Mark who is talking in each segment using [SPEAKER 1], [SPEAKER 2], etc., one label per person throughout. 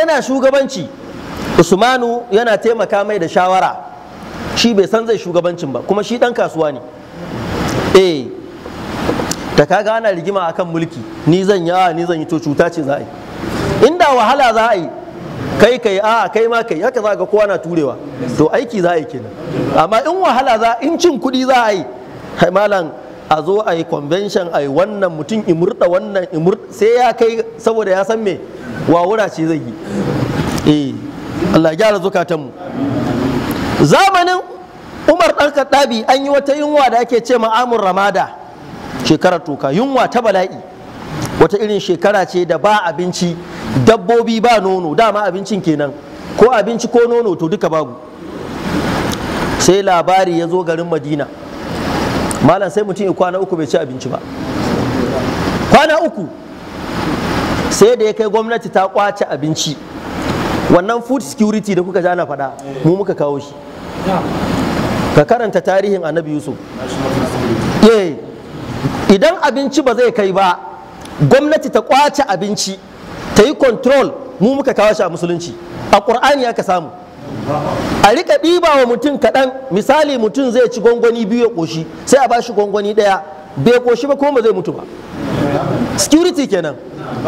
[SPEAKER 1] yana shugabanci usmanu yana taimaka mai da shawara shi bai san zai shugabancin ba kuma shi dan kasuwa ne eh da kaga ana rigima akan mulki ni zan yawa ni zan yi to cuta ce za a yi inda wahala za a yi kai kai a kai ma kai haka za ga kowa na turewa to aiki za a yi kenan amma in wahala za in cin kuɗi za a yi malam a zo a yi convention a yi wannan mutum imurda wannan imurda sai ya kai saboda ya san me wawura ce zai yi eh Allah gyara zukatanmu zamanin Umar ɗan Kaddabi an yi wata yunwa da ake ce ma'amun ramada shekarar toka yunwa ta bala'i wata irin shekara ce da ba abinci dabbobi ba nono dama abincin kenan ko abinci ko nono to duka babu sai labari ya zo garin madina malam sai mutum kwana uku bai ci abinci ba kwana uku sai da ya kai gwamnati ta kwace abinci wannan food security da kuka jana faɗa mu muka kawo shi ka karanta tarihin annabi yusuf eh, idan abinci ba zai kai ba gwamnati ta kwace abinci ta yi control mu muka kawo shi a musulunci a ƙur'ani aka samu a rika ɗiba wa mutum kaɗan misali mutum zai ci gwangwani biyu ya ƙoshi sai a ba shi gwangwani ɗaya bai ƙoshi ba kuma ba zai mutu ba security kenan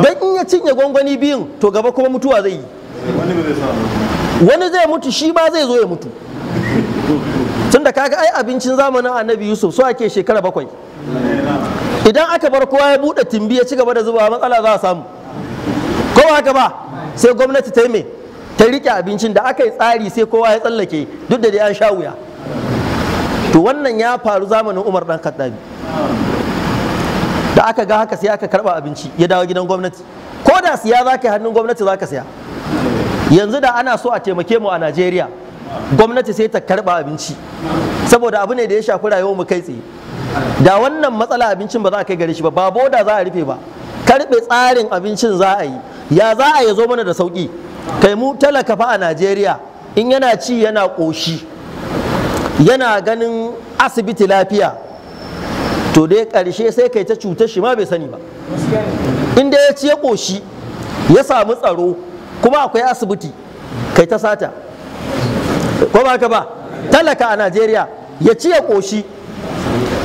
[SPEAKER 1] don in ya cinye gwangwani biyun to gaba kuma mutuwa zai yi wani zai mutu shi ba zai zo ya mutu tunda kaga ai abincin zamanin annabi yusuf so ake shekara bakwai idan aka bar kowa ya buɗe timbi ya ci gaba da zuba matsala za a samu kowa haka ba sai gwamnati ta yi mai ta rike abincin da aka yi tsari sai kowa ya tsallake duk da dai an sha wuya to wannan ya faru zamanin umar dan khattabi da aka ga haka sai aka karba abinci ya dawo gidan gwamnati ko da siya za ka hannun gwamnati za ka siya yanzu da ana so a taimake mu a najeriya gwamnati sai ta karba abinci saboda abu ne da ya shafi rayuwar mu kai tsaye da wannan matsala abincin ba za a kai gare shi ba ba boda za a rufe ba Karɓe tsarin abincin za a yi ya za a yi zo mana da sauki kai mu talaka fa a najeriya in yana ci yana ƙoshi yana ganin asibiti lafiya to dai ƙarshe sai kai ta cutar shi ma bai sani ba inda ya ci ya ƙoshi ya samu tsaro kuma akwai asibiti kai ta sata ko ba ka ba talaka a najeriya ya ci ya ƙoshi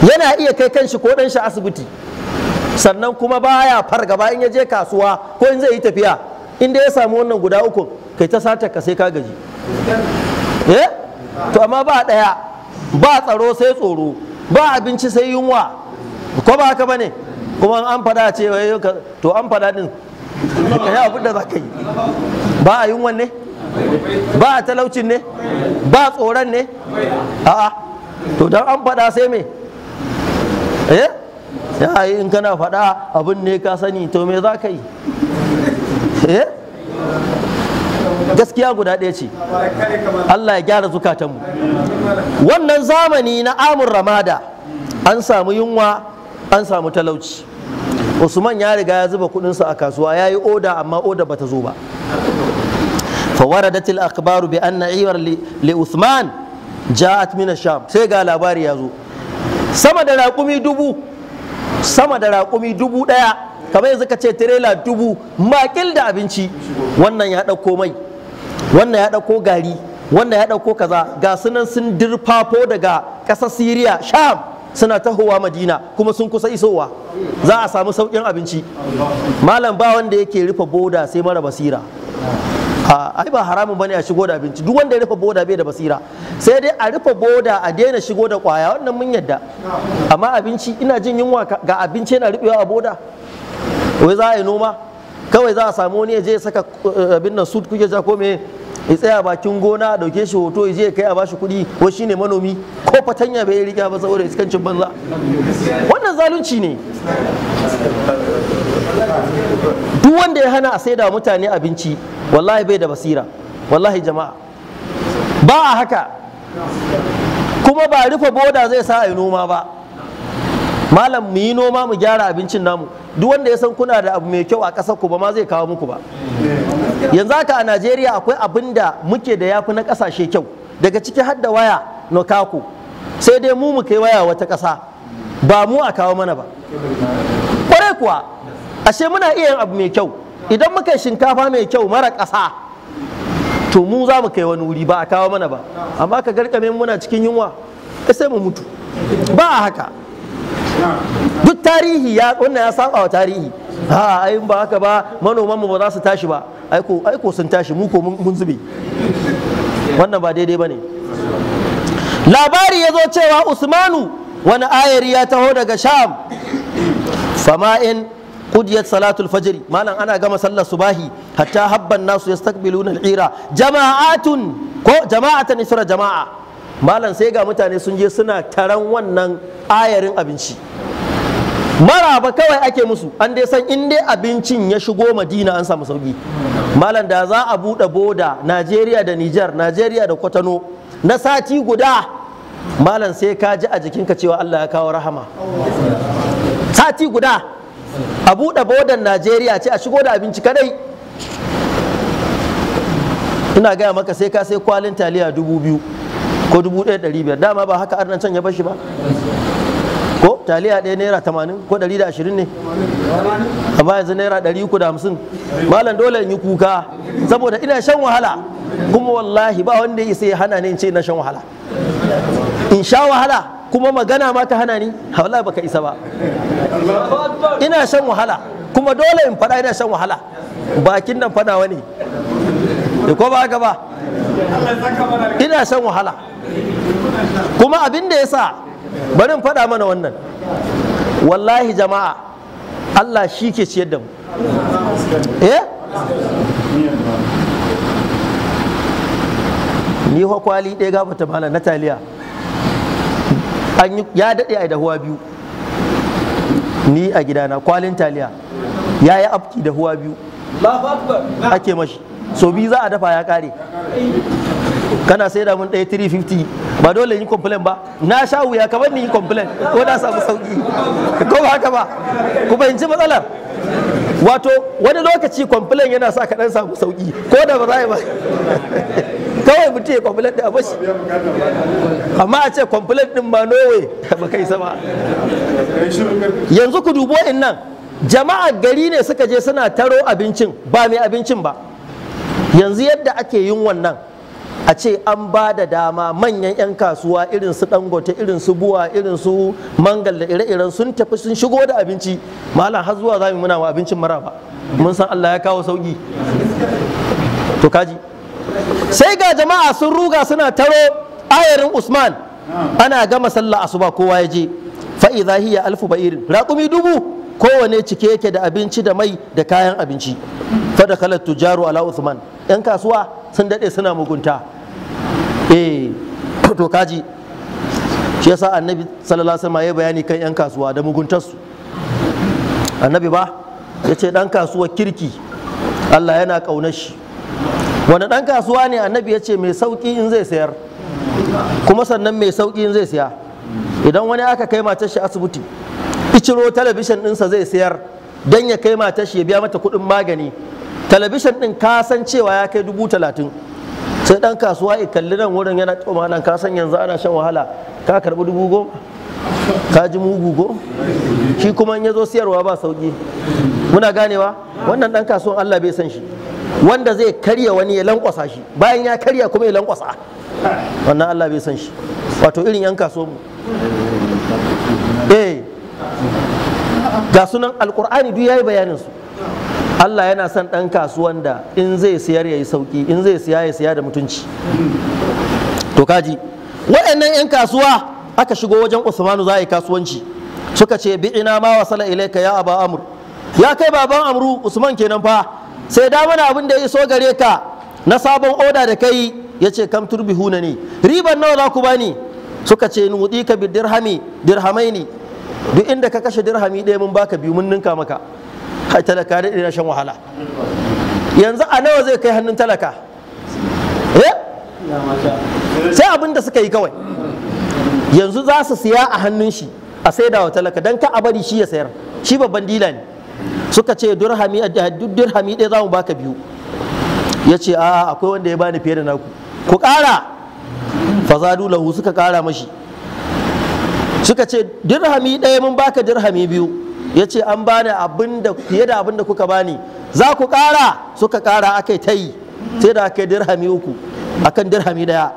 [SPEAKER 1] yana iya kai kanshi ko ɗan shi asibiti sannan kuma baya fargaba in ya je kasuwa ko in zai yi tafiya inda ya samu wannan guda uku kai ta sata ka sai ka gaji eh to amma ba daya ba tsaro sai tsoro ba abinci sai yunwa ko ba haka bane kuma an fada ce to an fada din ka yi abin da za ka yi ba a yunwan ne ba a talaucin ne ba a tsoron ne a'a to don an fada sai me eh ya in kana fada abin ne ka sani to me za ka yi Eh? gaskiya guda ɗaya ce Allah ya gyara zukatanmu wannan zamani na amur ramada an samu yunwa an samu talauci usman ya riga ya zuba kudinsa a kasuwa ya yi oda amma oda bata zo ba فوردت الأخبار iwar عير Usman جاءت من Sham. sai ga labari ya zo sama da raƙumi dubu sama da raƙumi dubu ɗaya kamar yanzu ka ce tirela dubu makil da abinci wannan ya ɗauko mai wannan ya ɗauko gari wannan ya ɗauko kaza ga sunan sun dirfafo daga ƙasar siriya sham suna tahowa madina kuma sun kusa isowa za a samu sauƙin abinci malam ba wanda yake rufe boda sai mara basira ai ba haramun bane a shigo da abinci duk wanda ya rufe boda bai da basira sai dai a rufe boda a daina shigo da kwaya wannan mun yadda amma abinci ina jin yunwa ga abinci yana rufewa a boda wai za a yi noma kawai za a samu wani je saka eh, abin nan sut kuke ja ko me ya tsaya bakin gona dauke shi hoto ya je kai a bashi kuɗi ko shine manomi ko fatanya bai riga ba saboda iskancin banza wannan zalunci ne duk wanda ya hana a saida wa mutane abinci wallahi bai da basira wallahi jama'a ba a haka kuma ba rufe boda zai sa a yi noma ba malam mu yi noma mu gyara abincin namu duk wanda ya san kuna da abu mai kyau a ƙasar ku ba ma zai kawo muku ba yanzu haka a Najeriya akwai abin da muke da yafi na kasashe kyau daga ciki har da waya nokaku sai dai mu mu kai waya wata kasa ba mu a kawo mana ba kwarai kuwa ashe muna iya yin abu mai kyau idan muka yi shinkafa mai kyau mara ƙasa to mu za mu kai wani wuri ba a kawo mana ba amma ka garkame muna cikin yunwa sai mu mutu ba a haka duk tarihi ya wannan ya saba wa tarihi ha ai ba haka ba manoman mu ba za su tashi ba aiko aiko sun tashi mu ko mun zube wannan ba daidai bane labari ya zo cewa usmanu wani ayari ya taho daga sham Sama'in qudiyat salatul fajr malam ana gama sallar subahi hatta habban nasu yastaqbiluna al-ira jama'atun ko jama'atan isra jama'a malam sai ga mutane sun je suna taron wannan ayarin abinci maraba kawai ake musu an dai san in dai abincin ya shigo madina an samu sauki malam da za a bude boda najeriya da nijar najeriya da kwatano na sati guda malam sai ka ji a jikinka cewa allah ya kawo rahama sati guda a bude bodan najeriya ce a shigo da abinci kadai ina gaya maka sai ka sai kwalin taliya dubu biyu ko dubu ɗaya ɗari biyar dama ba haka arnan can ya bashi ba ko taliya ɗaya naira tamanin ko ɗari da ashirin ne a baya yanzu naira ɗari uku da hamsin malam dole in yi kuka saboda ina shan wahala kuma wallahi ba wanda ya sai ya hana ni in ce na shan wahala in sha wahala kuma magana ma ta hana ni wallahi baka isa ba ina shan wahala kuma dole in faɗa ina shan wahala bakin nan faɗawa ne da eh, ko ba haka ba ina shan wahala kuma abin da ya sa bari in faɗa mana wannan wallahi jama'a Allah shi ke ciyar da mu eh? ni fa kwali ɗaya ta mala na taliya ya daɗe a dahuwa biyu ni a gidana kwalin taliya ya yi abki da huwa biyu ake mashi so biyu za a dafa ya kare kana sai da mun ɗaya 350 ba dole yi complain ba na sha wuya kamar ni yi complain ko na samu sauki ko ba haka ba ku fahimci matsalar wato wani lokaci complain yana sa ka dan samu sauki ko da ba za ba kawai mutum ya complain da abashi amma a ce complain din ma nowe ba kai sama yanzu ku dubo in nan jama'a gari ne suka je suna taro abincin ba mai abincin ba yanzu yadda ake yin wannan a ce an ba da dama manyan 'yan kasuwa irin su dangote irin su buwa irin su mangal da ire-iren sun tafi sun shigo da abinci malam har zuwa za mu muna wa abincin maraba mun san Allah ya kawo sauki to kaji sai ga jama'a sun ruga suna taro ayarin Usman ana gama sallah asuba kowa ya je fa idza hiya alfu ba'irin raqumi dubu kowane cike yake da abinci da mai da kayan abinci fa da tujaru ala Usman yan kasuwa sun dade suna mugunta eh to kaji shi yasa annabi sallallahu alaihi wasallam ya bayani kan yan kasuwa da muguntarsu annabi ba ya ce dan kasuwa kirki Allah yana kaunar shi wanda dan kasuwa ne annabi ya ce mai sauki in zai sayar kuma sannan mai sauki in zai siya idan wani aka kai matar shi asibiti iciro talabishin ɗinsa zai sayar don ya kai matar shi ya biya mata kuɗin magani talabishin ɗin ka san cewa ya kai dubu talatin sai dan kasuwa ya kalli nan wurin yana tsoma nan ka san yanzu ana shan wahala ka karbi dubu goma ka ji mugu go shi kuma in ya zo siyarwa ba sauki muna ganewa wannan dan kasuwan Allah bai san shi wanda zai karya wani ya lankwasa shi bayan ya karya kuma ya lankwasa wannan Allah bai san shi wato irin yan kasuwan mu eh ga sunan alqur'ani duk yayi bayanin su Allah yana son ɗan kasuwan da in zai siyar ya yi sauƙi in zai siya ya siya da mutunci to kaji waɗannan 'yan kasuwa aka shigo wajen usmanu za a yi kasuwanci suka ce bi ina ma wasala ilaika ya aba amur ya kai baban amru usman kenan fa sai da mana abin da ya iso gare ka na sabon oda da kai ya ce kam turbihuna ne riban nawa za ku bani suka ce nudi ka bi dirhami dirhamai ne duk inda ka kashe dirhami ɗaya mun baka biyu mun ninka maka Hai talaka da irin shan wahala yanzu a nawa zai kai hannun talaka eh? sai abin da suka yi kawai yanzu za su siya a hannun shi a saida wa talaka don ka a bari shi ya sayar shi babban dila ne suka ce durhami durhami ɗaya za mu baka biyu ya ce a akwai wanda ya bani fiye da naku ku ƙara fazadu lahu suka ƙara mashi suka ce durhami ɗaya mun baka durhami biyu ya ce an bani abinda da fiye da abin da kuka bani za ku kara suka kara aka ta yi sai da aka dirhami uku akan dirhami daya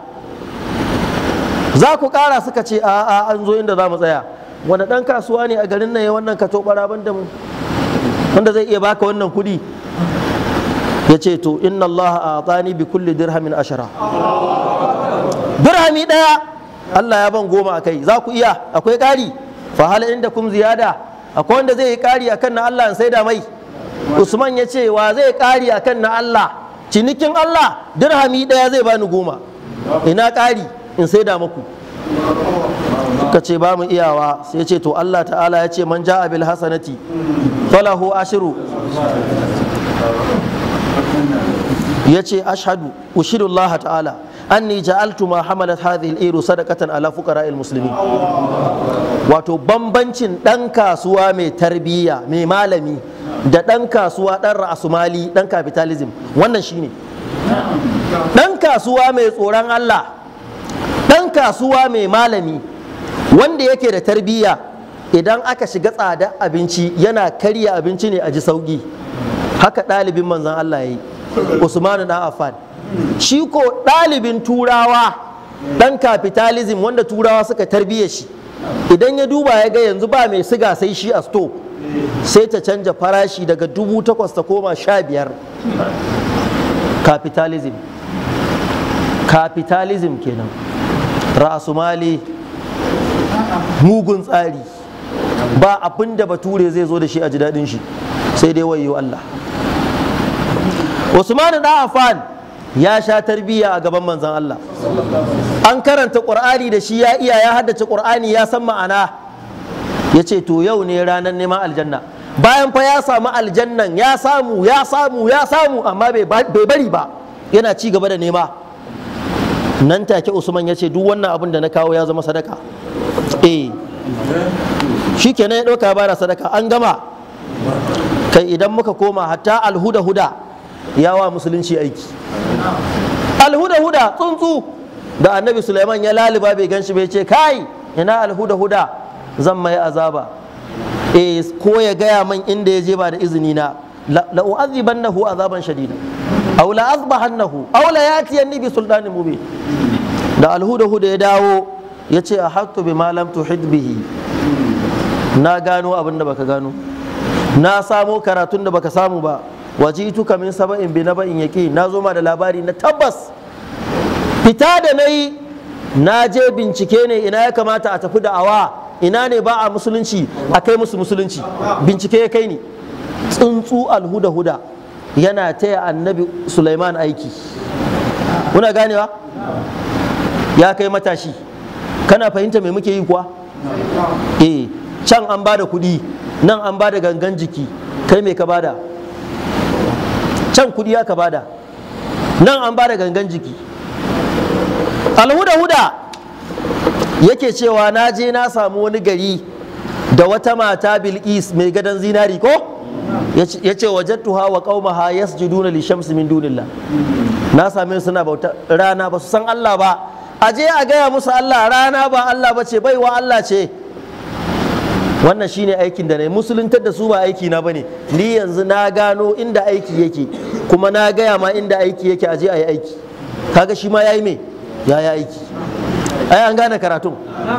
[SPEAKER 1] za ku kara suka ce a'a an zo inda za mu tsaya wanda ɗan kasuwa ne a garin nan ya wannan ka abin da mu wanda zai iya baka wannan kuɗi ya ce to inna Allah a tsani bi kulli dirhamin ashara dirhami daya Allah ya ban goma a kai za ku iya akwai ƙari fa hal inda kun ziyada akwai wanda zai yi kari akan na Allah sai da mai Usman ya ce wa zai a akan na Allah cinikin Allah dirhami ɗaya zai bani goma ina kari? in sai da muku suka ce ba mu iyawa sai ce to Allah ta'ala ya ce man ja'a bil hasanati falahu ashiru ya ce ashadu ushidu Allah ta'ala anni ja'altu ma hamalat hadhihi al-iru sadaqatan ala fuqara al-muslimin wato bambancin dan kasuwa mai tarbiyya mai malami da dan kasuwa dan ra'asumali dan capitalism wannan shine dan kasuwa mai tsoron Allah dan kasuwa mai malami wanda yake da tarbiyya idan aka shiga tsada abinci yana karya abinci ne a ji sauki haka ɗalibin manzon Allah ya yi Usmanu dan Affan shi ko ɗalibin turawa ɗan capitalism wanda turawa suka tarbiyya shi idan ya duba ya ga yanzu ba mai siga sai shi a sto sai ta canja farashi daga dubu takwas ta koma sha biyar capitalism capitalism kenan rasumali mugun tsari ba abin da bature zai zo da shi a ji daɗin shi sai dai wayo Allah Usman da Affan ya sha tarbiyya a gaban manzan Allah an karanta qur'ani da shi ya iya ya haddace qur'ani ya san ma'ana ya ce to yau ne ranar neman aljanna bayan fa ya samu aljannan ya samu ya samu ya samu amma bai bari ba yana ci gaba da nema nan take usman ya ce duk wannan abin da na kawo ya zama sadaka eh shi kenan ya ɗauka bara sadaka an gama kai idan muka koma hatta alhuda huda yawa musulunci aiki alhuda huda tsuntsu da annabi Sulaiman ya laliba bai ganshi bai ce kai ina alhuda huda zan mai azaba e ko ya gaya man inda ya je ba da izini na la azaban shadida aw la aw la yatiyanni bi sultanin mubin da alhuda huda ya dawo ya ce a bi malam tuhid bihi na gano abinda da baka gano na samo karatun da baka samu ba Waje waji'tuka min saba'in bi ba'in yaki na zo ma da labari na tabbas fita da nayi na je bincike ne ina ya kamata a tafi da awa ina ne ba a musulunci a kai musu musulunci bincike ya kai ni tsuntsu alhuda huda yana taya annabi Sulaiman aiki kuna ganewa ya kai matashi kana fahimta me muke yi kuwa eh can an bada kuɗi nan an bada gangan jiki kai me ka bada can kuɗi aka bada nan an bada gangan jiki alhuda-huda yake cewa na je na samu wani gari da wata mata bil'is mai gadon zinari ko ya ce wajattuha wa qaumaha yasjuduna li shamsi min dunillah na same suna bauta rana ba su san Allah ba a je a gaya musu Allah rana ba Allah ba ce baiwa Allah ce wannan shine aikin da na yi musuluntar da su ba aiki na bane ni yanzu na gano inda aiki yake kuma na gaya ma inda aiki yake aje a yi aiki kaga shi ma ya yi me ya yi aiki ai an gane karatun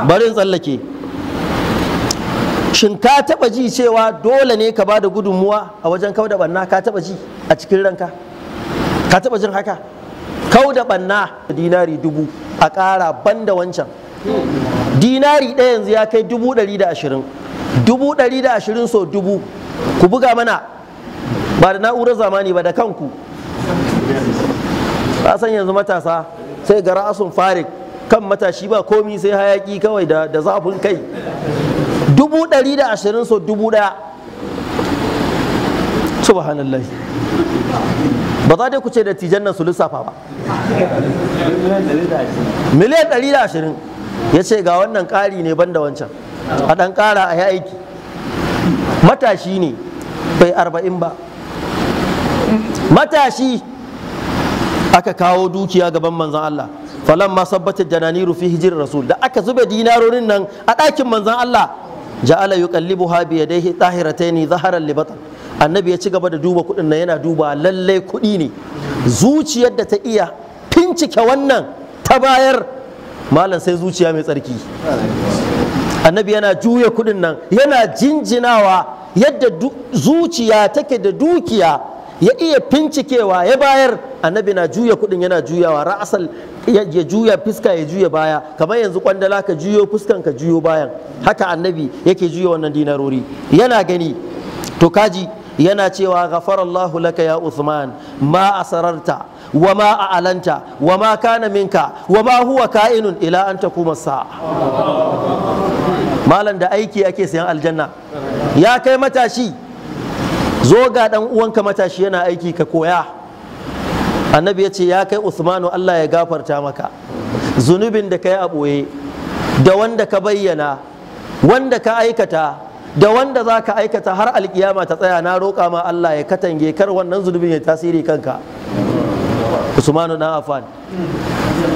[SPEAKER 1] bari in tsallake shin ka taba ji cewa dole ne ka bada gudunmuwa a wajen kauda banna ka taba ji a cikin ranka ka taba jin haka kauda banna dinari dubu a kara banda wancan dinari ɗaya yanzu ya kai dubu ɗari da ashirin dubu ɗari da ashirin so dubu ku buga mana ba da na'urar zamani ba da kanku ba san yanzu matasa sai ga ra'asun farik kan matashi ba komi sai hayaki kawai da zafin kai dubu ɗari da ashirin so dubu ɗaya subhanallah ba za dai ku ce da tijan nan su lissafa ba miliyan ɗari da ashirin ya ce ga wannan ƙari ne ban da wancan a ɗan ƙara a yi aiki matashi ne bai arba'in ba matashi aka kawo dukiya gaban manzan Allah Falon ma sabbatar janani rufi hijirar rasul da aka zube dinarorin nan a ɗakin manzan Allah ja'ala yuqallibu ha bi zaharan zaharar libatan annabi ya ci gaba da duba kuɗin nan yana duba lallai kuɗi ne zuciyar da ta iya fincike wannan ta bayar malam sai zuciya mai tsarki annabi yana juya kudin nan yana jinjinawa yadda zuciya take da dukiya ya iya fincikewa ya bayar annabi na juya kudin yana juyawa ra'asal ya juya fuska ya juya baya kamar yanzu kwandala ka juyo fuskan ka juyo bayan haka annabi yake juya wannan dinarori yana gani to kaji yana cewa ghafarallahu laka ya Uthman ma asararta wa ma a'alanta wa ma kana minka wa ma huwa ka'inun ila an takuma sa'a malam da aiki ake sayan aljanna ya kai matashi zo ga dan uwanka matashi yana aiki ka koya annabi ya ce ya kai usmanu allah ya gafarta maka zunubin da ka yi a ɓoye da wanda ka bayyana wanda ka aikata da wanda za ka aikata har alkiyama ta tsaya na roƙa ma allah ya katange kar wannan zunubin ya tasiri kanka usmanu na afan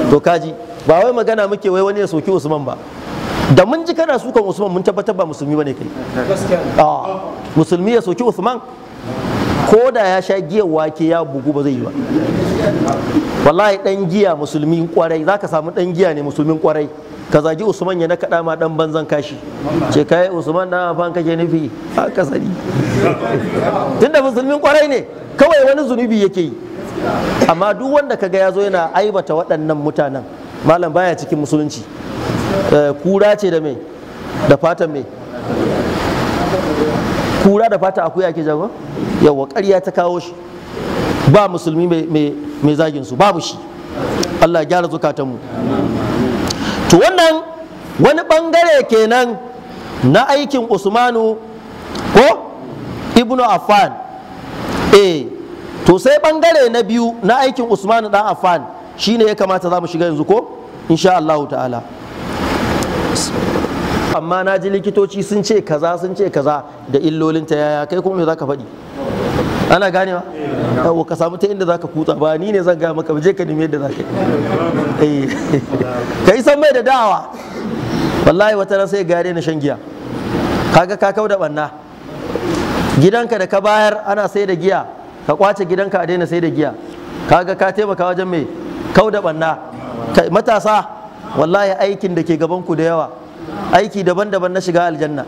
[SPEAKER 1] to kaji ba wai magana muke wai wani ya soki usman ba da mun ji kana sukan usman mun tabbatar ba musulmi bane kai a ah, musulmi ya soki usman ko da ya sha giyar wake ya bugu ba zai yi ba wallahi dan giya musulmin kwarai zaka samu dan giya ne musulmin kwarai ka zagi usman ya kada ma dan banzan kashi ce kai usman na fa kake nufi a sani tunda musulmin kwarai ne kawai wani zunubi yake yi amma duk wanda kaga ya zo yana aibata waɗannan mutanen malam baya cikin musulunci Eh, kura ce da mai da fatan mai kura da fata akuya ake jago yawa ƙarya ta kawo shi ba musulmi mai zagin su babu shi Allah gyara zukatanmu to wannan wani bangare kenan na aikin usmanu ko ibnu affan eh to sai bangare na biyu na aikin usmanu dan affan shine ya kamata za mu shiga yanzu ko insha Allah ta'ala tabbas amma na ji likitoci sun ce kaza sun ce kaza da illolinta yaya kai kuma me zaka faɗi ana ganewa yawo ka samu ta inda zaka kutsa ba ni ne zan gaya maka je ka nemi yadda zaka yi ka yi eh. san mai da dawa wallahi wata ran sai gare na shan giya kaga ka kau da banna gidanka da ka bayar ana sai da giya ka kwace gidanka a daina sai da giya kaga ka taimaka wajen mai kau da banna matasa wallahi aikin da ke gaban ku da yawa aiki daban-daban na shiga aljanna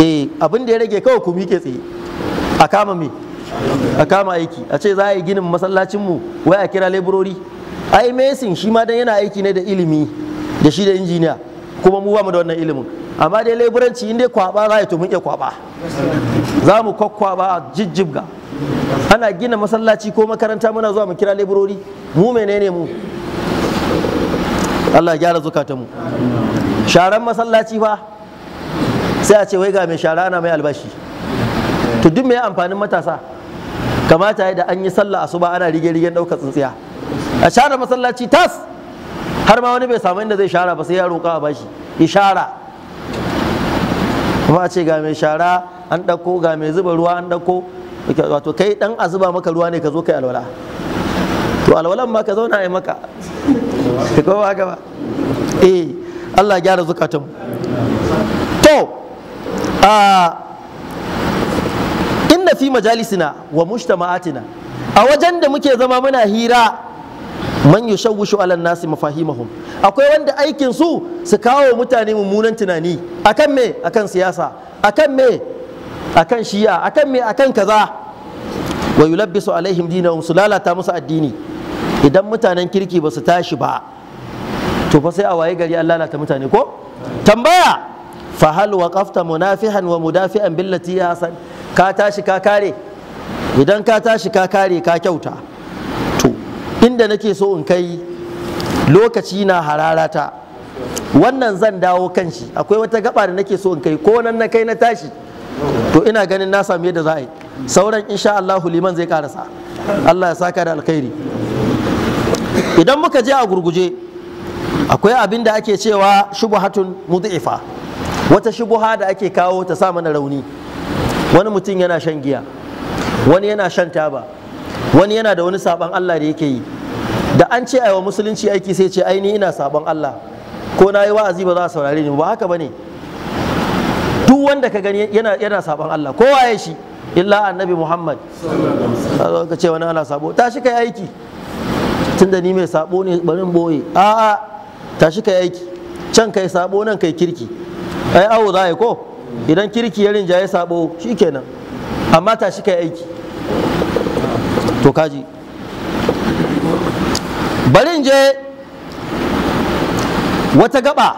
[SPEAKER 1] e abin da ya rage kawai ku miƙe tsaye a kama me a kama aiki a ce za a yi ginin masallacin mu wai a kira laborori ai mesin shi ma dan yana aiki ne da ilimi da shi da injiniya kuma mu ba mu da wannan ilimin amma dai leburanci in dai kwaba za a ya mun iya kwaba za mu kwakwaba a jijjibga ana gina masallaci ko makaranta muna zuwa mu kira leburori mu menene mu Allah ya gyara zukatanmu sharan masallaci fa sai a ce wai ga mai shara ana mai albashi to duk mai amfanin matasa kamata ya da an yi sallah asuba ana rige rigen daukar tsintsiya a share masallaci tas har ma wani bai samu inda zai shara ba sai ya roƙa a bashi ishara kuma a ce ga mai shara an ɗauko ga mai zuba ruwa an ɗauko wato kai dan a zuba maka ruwa ne ka zo kai alwala to alwalan ma ka zauna ai maka ko ba gaba eh Allah gyara zukatun. to a inna fi majalisina wa mujtama'atina a wajen da muke zama muna hira man yushawwishu ala nasi mafahimahum akwai wanda aikin su su kawo mutane mummunan tunani akan me akan siyasa akan me akan shiya akan me akan kaza wa yulabbisu alaihim dinahum su lalata musu addini idan mutanen kirki ba su tashi ba to fa sai a waye gari an lalata mutane ko tambaya fa hal waqafta munafihan wa mudafi'an billati ya hasan ka tashi ka kare idan ka tashi ka kare ka kyauta to inda nake so in kai lokaci na hararata wannan zan dawo kan shi akwai wata gaba da nake so in kai ko nan na kai na tashi to ina ganin na sami yadda za a yi sauran insha Allahu liman zai karasa Allah ya saka da alkhairi idan muka je a gurguje akwai abin da ake cewa shubuhatun mud'ifa wata shubuha da ake kawo ta sa mana rauni wani mutum yana shan giya wani yana shan taba wani yana da wani saban Allah da yake yi da an ce wa musulunci aiki sai ce aini ina saban Allah ko na yi wa'azi ba za a saurare ni ba haka bane duk wanda ka gani yana yana saban Allah kowa ya shi illa annabi Muhammad ka ce wani ana sabo tashi kai aiki tunda ni mai sabo ne bari in boye a'a tashi kai aiki can kai sabo nan kai kirki ai awo za ko idan kirki ya ya sabo shikenan amma tashi kai aiki to kaji barin je wata gaba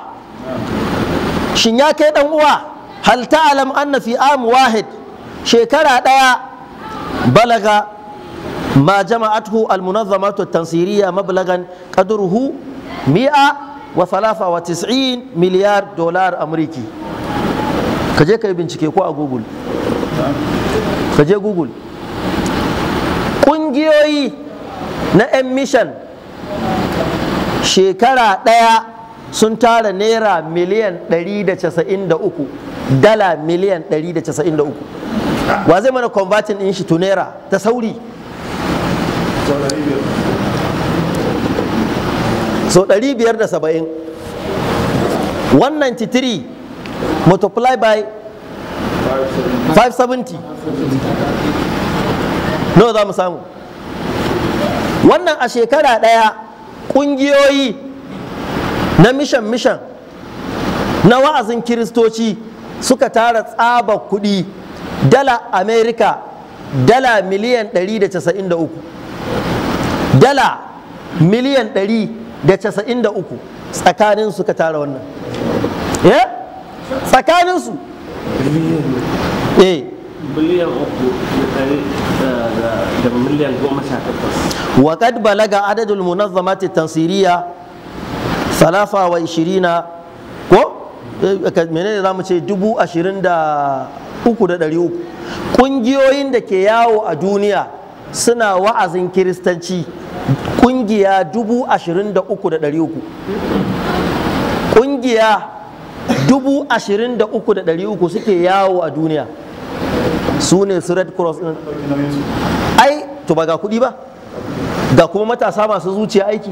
[SPEAKER 1] shin ya kai dan uwa hal ta'lam anna fi am wahid shekara daya balaga ما جمعته المنظمات التنصيرية مبلغا قدره 193 مليار دولار أمريكي كجي كي بنشكي a جوجل كجي جوجل ƙungiyoyi na 'yan mishan shekara ɗaya sun tara naira miliyan 193 dala miliyan 193 wa zai mana convertin ɗin shi to naira ta sauri so 570 193 multiply by 570 nawa za mu samu wannan a shekara ɗaya ƙungiyoyi na mishan-mishan na wa'azin kiristoci suka tara tsabar kuɗi dala amerika dala miliyan 193 dala miliyan 193 tsakanin suka tara wannan eh tsakanin su eh biliyan uku da miliyan goma sha balaga adadul munazzamati tansiriya salafa wa ishirina ko eh, menene za mu ce dubu ashirin da uku da ɗari uku ƙungiyoyin da ke yawo a duniya suna wa'azin kiristanci kungiya dubu ashirin da uku da ɗari uku kungiya dubu ashirin da uku da ɗari uku suke yawo a duniya su ne su red cross ɗin ai to ba ga kuɗi ba ga kuma matasa masu zuciya aiki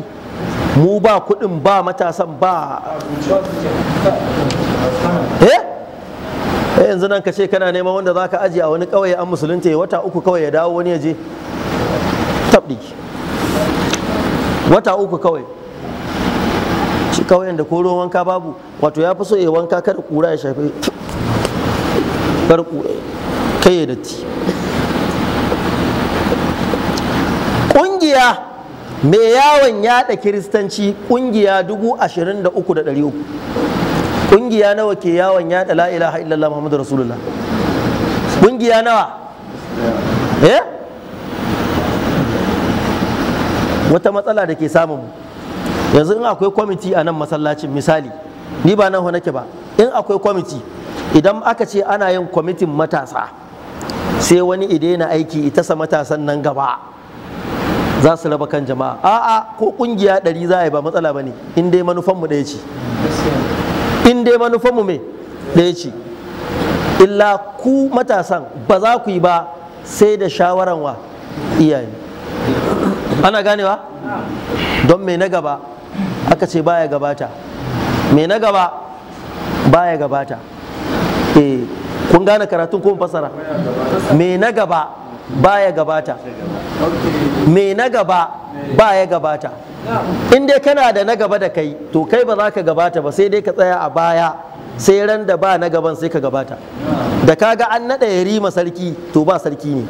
[SPEAKER 1] mu ba kuɗin ba matasan ba eh yanzu nan ka ce kana neman wanda za ka ajiye a wani kawai an musulunta ya wata uku kawai ya dawo wani ya je tabdi wata uku kawai shi kawai da ko ruwan wanka babu wato ya fi so ya wanka kada kura ya shafe kar kai ya datti kungiya mai yawon yada kiristanci kungiya dubu ashirin da uku da ɗari uku kungiya nawa ke yawon yada la ilaha illallah muhammadu rasulullah kungiya nawa eh wata matsala da ke samun yanzu in akwai kwamiti a nan masallacin misali ni ba nan nake ba in akwai kwamiti idan aka ce ana yin kwamitin matasa sai wani na aiki ita sa matasan nan gaba za su raba kan jama'a a'a ko kungiya ɗari za a yi ba matsala ba ne in dai manufanmu ɗaya ce in dai manufanmu me ya ce illa ku matasan ba za ku yi ba sai da shawaran wa iyaye ana ganewa don me na gaba aka ce baya gabata me na gaba baya gabata eh kun gane karatun ko fasara me na gaba baya gabata me na gaba baya gabata in dai kana da na gaba da kai to kai ba za ka gabata ba sai dai ka tsaya a baya sai ran da ba na gaban sai ka gabata da kaga an naɗa ya rima sarki to ba sarki ne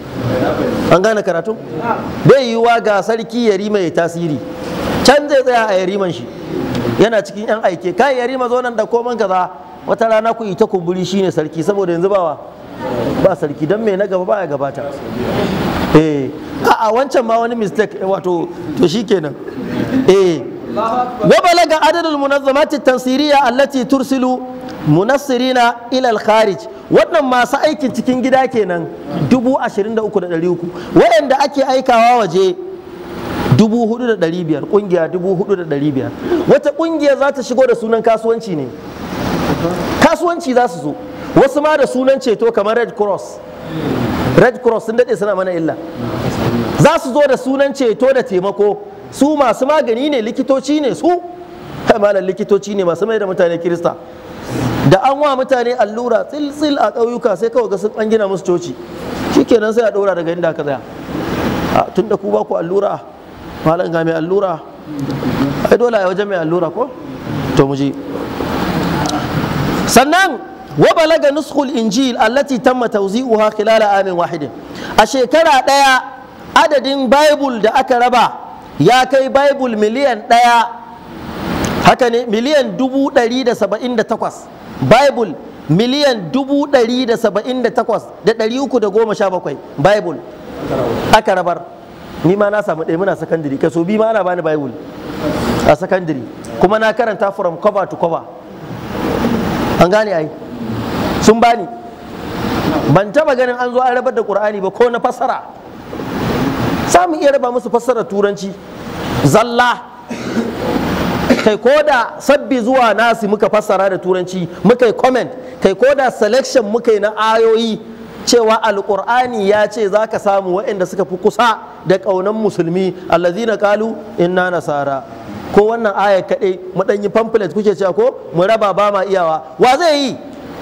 [SPEAKER 1] an gane karatu bai yiwuwa ga sarki ya rima ya tasiri can zai tsaya a yariman shi yana cikin yan aike kai yarima zo nan da koman kaza wata rana ku ita kumburi shine sarki saboda yanzu bawa ba sarki dan me na gaba ba ya gabata eh a wancan ma wani mistake wato to shikenan وبلغ عدد المنظمات التنصيرية التي tansiriya منصرين tursilu الخارج kharij wannan masu aikin cikin gida kenan dubu ashirin da uku da ɗari uku waɗanda ake aikawa waje dubu hudu da ɗari biyar ƙungiya dubu hudu da ɗari biyar wata ƙungiya za ta shigo da sunan kasuwanci ne kasuwanci za su zo wasu ma da sunan ceto kamar red cross red cross sun daɗe suna mana illa za su zo da sunan ceto da taimako su masu magani ne likitoci ne su kai malam likitoci ne masu mai da mutane kirista da an wa mutane allura tsiltsil a ƙauyuka sai kawai ga an gina musu coci shikenan sai a ɗora daga inda aka tsaya tun da ku ba ku allura malam ga mai allura ai dole a wajen mai allura ko to mu ji. sannan wa balaga nuskul injil allati tamma tawzi'uha khilala amin wahidin a shekara ɗaya adadin bible da aka raba ya kai bible miliyan ɗaya haka ne miliyan dubu ɗari da saba'in da takwas bible miliyan dubu ɗari da saba'in da takwas da ɗari uku da goma sha bakwai bible aka rabar ni ma na samu ɗaya muna sakandiri so bi ma ana bani bible a sakandiri kuma na karanta from cover to cover an gane ai sun bani ban taba ganin an zo an rabar da qur'ani ba ko na fassara za mu iya raba musu fassarar turanci zalla kai ko da sabbi zuwa nasi muka fassara da turanci muka yi comment kai ko da selection muka yi na ayoyi cewa alkur'ani ya ce za ka samu waɗanda suka fi kusa da ƙaunan musulmi allazina kalu inna nasara ko wannan aya kaɗai mu ɗan yi pamphlet kuke cewa ko mu raba ba ma iyawa wa zai yi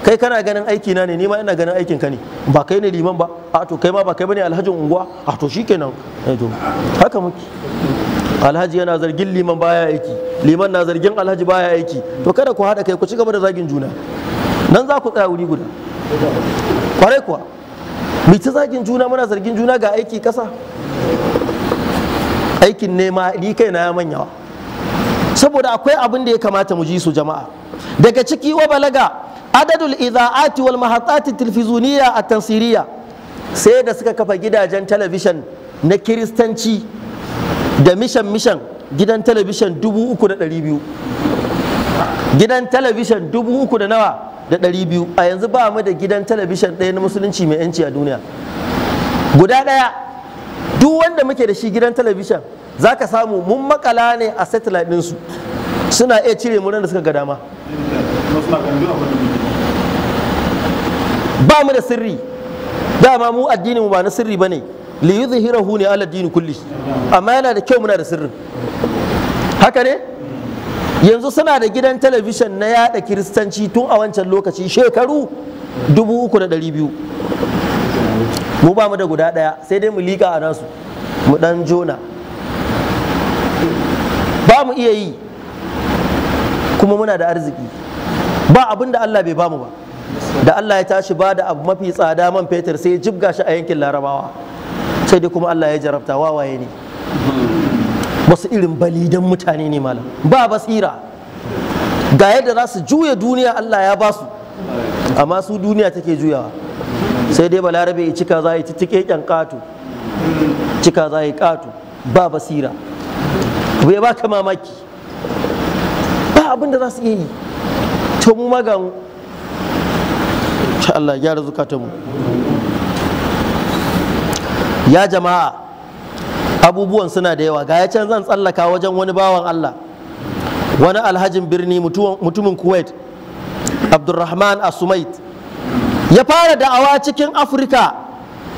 [SPEAKER 1] kai kana ganin aiki na ne ni ma ina ganin aikin ka ne ba kai ne liman ba a to kai ma ba kai bane alhajin unguwa a to shikenan eh to haka muke alhaji yana zargin liman baya aiki liman na zargin alhaji baya aiki to kada ku haɗa kai ku ci gaba da zagin juna nan za ku tsaya wuri guda kwarai kuwa mai ta zagin juna muna zargin juna ga aiki ƙasa aikin nema ni kai na manyawa saboda akwai abin da ya kamata mu ji su jama'a daga ciki wa balaga adadul idza'ati wal mahatsati tilfizuniya a tansiriya sai da suka kafa gidajen talabishin na kiristanci da mishan mishan gidan talabishin dubu uku da ɗari biyu gidan talabishin dubu uku da nawa da ɗari biyu a yanzu ba mu da gidan talabishin ɗaya na musulunci mai yanci a duniya guda ɗaya duk wanda muke da shi gidan talabishin za ka samu mun makala ne a satellite ɗinsu suna iya cire mu da suka ga dama ba mu da sirri dama mu addinin mu ba na sirri bane li yuzhirahu ne ala dini kulli amma yana da kyau muna da sirrin haka ne yanzu suna da gidan talabijin na yada kiristanci tun a wancan lokaci shekaru dubu uku da ɗari biyu mu ba mu da guda ɗaya sai dai mu liƙa a nasu mu ɗan jona ba mu iya yi kuma muna da arziki ba abin da Allah bai ba mu ba da Allah ya tashi ba da abu mafi tsada man fetur sai ya jibga shi a yankin larabawa sai dai kuma Allah ya jarabta wawaye ne wasu irin balidan mutane ne malam ba basira ga yadda za su juya duniya Allah ya ba su amma su duniya take juyawa sai dai balarabe ya cika za yi tittike kyan katu cika za yi katu ba basira bai ba ka mamaki ba abin da za su iya yi to mu magan ta Allah gyara mu. ya jama'a abubuwan suna da yawa ga ya can zan tsallaka wajen wani bawan Allah wani alhajin birni mutumin Kuwait Abdulrahman Asumait ya fara da'awa cikin Afirka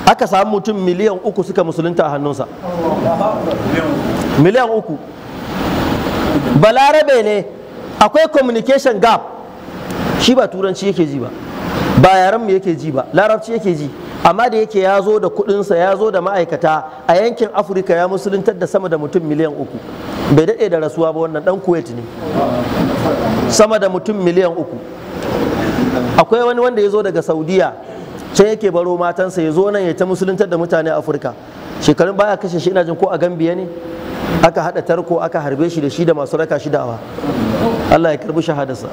[SPEAKER 1] aka samu mutum miliyan uku suka musulunta a hannunsa miliyan uku balarabe ne akwai communication gap shi ba turanci yake ji ba ba yaren mu yake ji ba larabci yake ji amma da yake ya zo da kudinsa ya zo da ma'aikata a yankin afirka ya musuluntar da sama da mutum miliyan uku bai daɗe da rasuwa ba wannan dan kuwait ne sama da mutum miliyan uku akwai wani wanda ya zo daga saudiya can yake baro matansa ya zo nan ya ta musuluntar da mutane afirka shekarun baya kashe shi ina jin ko a gambiya ne aka haɗa tarko aka harbe shi da shi da masu raka shi da'awa Allah ya karbi shahadarsa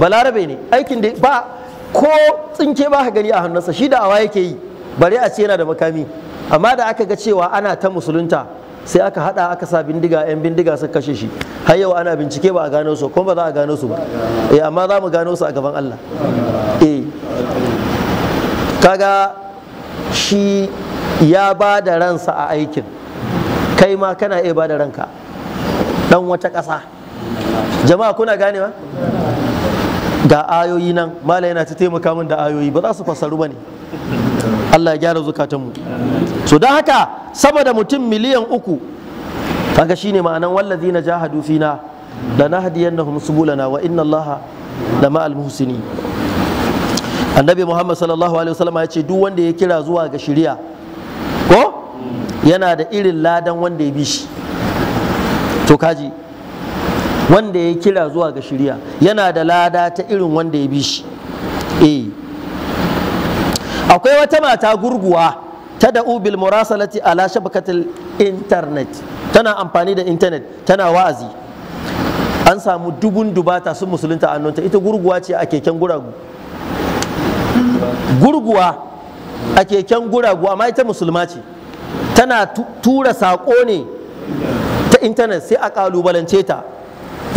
[SPEAKER 1] balarabe ne aikin da ba ko tsinke ba ka gani a hannunsa shi da awa yake yi bare a ce yana da makami amma da aka ga cewa ana ta musulunta sai aka hada aka sa bindiga yan bindiga suka kashe shi har yau ana bincike ba a gano su kuma ba za a gano su ba eh amma za mu gano su a gaban Allah eh kaga shi ya ba da ransa a aikin kai ma kana iya ba da ranka dan wata ƙasa jama'a kuna ganewa ga ayoyi nan mala yana ta taimaka min da ayoyi ba za su fasaru ba ne Allah ya gyara zukatanmu so don haka sama da mutum miliyan uku kaga shine ma'anan wallazi na jahadu fina na nahdiyannahum subulana wa inna Allaha da ma'al muhsini annabi Muhammad sallallahu alaihi wasallam ya ce duk wanda ya kira zuwa ga shari'a ko yana da irin ladan wanda ya bi shi to kaji wanda ya kira zuwa ga shirya yana da lada ta irin wanda ya bi shi E, akwai wata mata gurguwa ta da ubil murasalati ala shabakatil internet tana amfani da internet tana wa'azi an samu dubun dubata sun musulunta annonta ita gurguwa ce a keken guragu gurguwa a keken guragu amma ita musulma ce tana tura saƙo ne ta intanet sai a ƙalubalance ta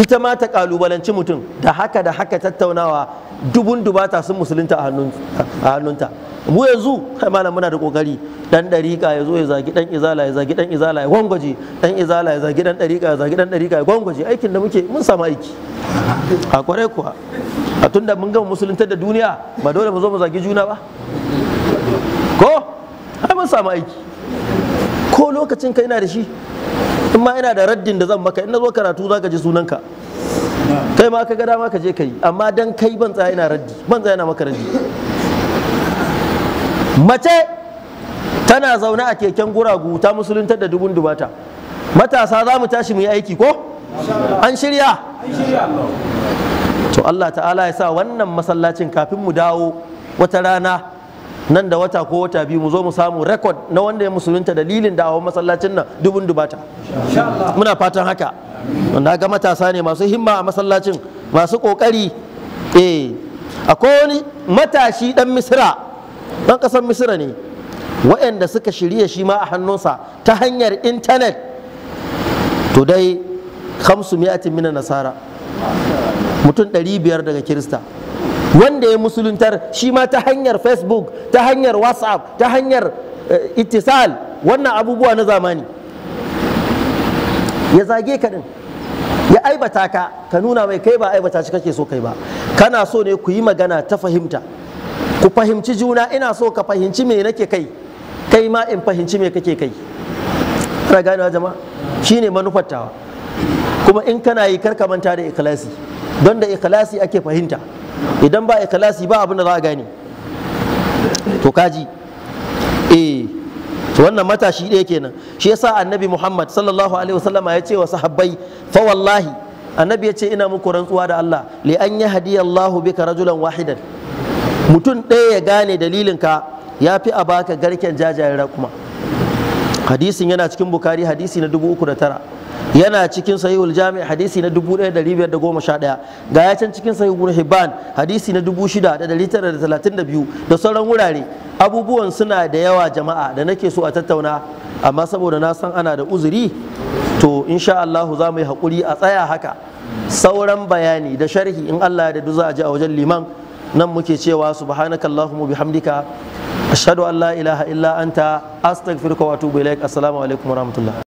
[SPEAKER 1] ita ma ta kalubalanci mutum da haka da haka tattaunawa dubun dubata sun musulunta a hannunta mu yanzu kai malam muna da kokari dan dariƙa ya zo ya zagi dan izala ya zagi dan izala ya gwangwaje dan izala ya zagi dan dariƙa ya zagi dan dariƙa ya gwangwaje aikin da muke mun samu aiki a kwarai kuwa a tunda mun gama musuluntar da duniya ba dole mu zo mu zagi juna ba ko ai mun samu aiki ko lokacin kai ina da shi in ma ina da raddin da zan maka in na zo karatu za ka ji sunanka kai ma ka ga dama ka je ka yi amma dan kai ban tsaya ina raddi ban tsaya ina maka raddi mace tana zaune a keken guragu ta musuluntar da dubun dubata matasa za mu tashi mu yi aiki ko an shirya to Allah ta'ala ya sa wannan masallacin kafin mu dawo wata rana nan da wata ko wata biyu mu zo mu samu rekod na wanda ya musulunta dalilin da masallacin nan dubun dubata muna fatan haka wanda ga matasa ne masu himma a masallacin masu kokari eh akwai wani matashi dan misira dan kasar misira ne waɗanda suka shirya shi ma a hannunsa ta hanyar intanet to dai 500 minan nasara mutum 500 daga kirista wanda ya musuluntar shi ma ta hanyar facebook ta hanyar whatsapp ta hanyar eh, itisal. wannan abubuwa na zamani ya zage ka din ya aibata ka ka nuna mai kai ba aibata shi kake so kai ba kana so ne ku yi magana ta fahimta ku fahimci juna ina so ka fahimci me nake kai kai ma in fahimci me kake kai kana ganewa jama'a shine manufar tawa kuma in kana yi kar ka manta da ikhlasi don da ikhlasi ake fahimta idan ba ikhlasi ba abin da za a gane to kaji eh to wannan matashi ɗaya kenan shi yasa annabi muhammad sallallahu alaihi wasallama ya ce wa sahabbai fa wallahi annabi ya ce ina muku rantsuwa da allah li an yi hadiya allahu bika rajulan wahidan mutum ɗaya ya gane dalilin ka ya fi a baka garken jajayen rakuma hadisin yana cikin bukari hadisi na dubu uku da tara yana cikin sahihul jami hadisi na 1511 ga ya can cikin sahihul hibban hadisi na 6932 da sauran wurare abubuwan suna da yawa jama'a da nake so a tattauna amma saboda na san ana da uzuri to insha Allah za mu yi haƙuri a tsaya haka sauran bayani da sharhi in Allah da duza a ji a wajen liman nan muke cewa Allahumma bihamdika ashhadu an la ilaha illa anta astaghfiruka wa atubu ilaik assalamu alaikum wa rahmatullah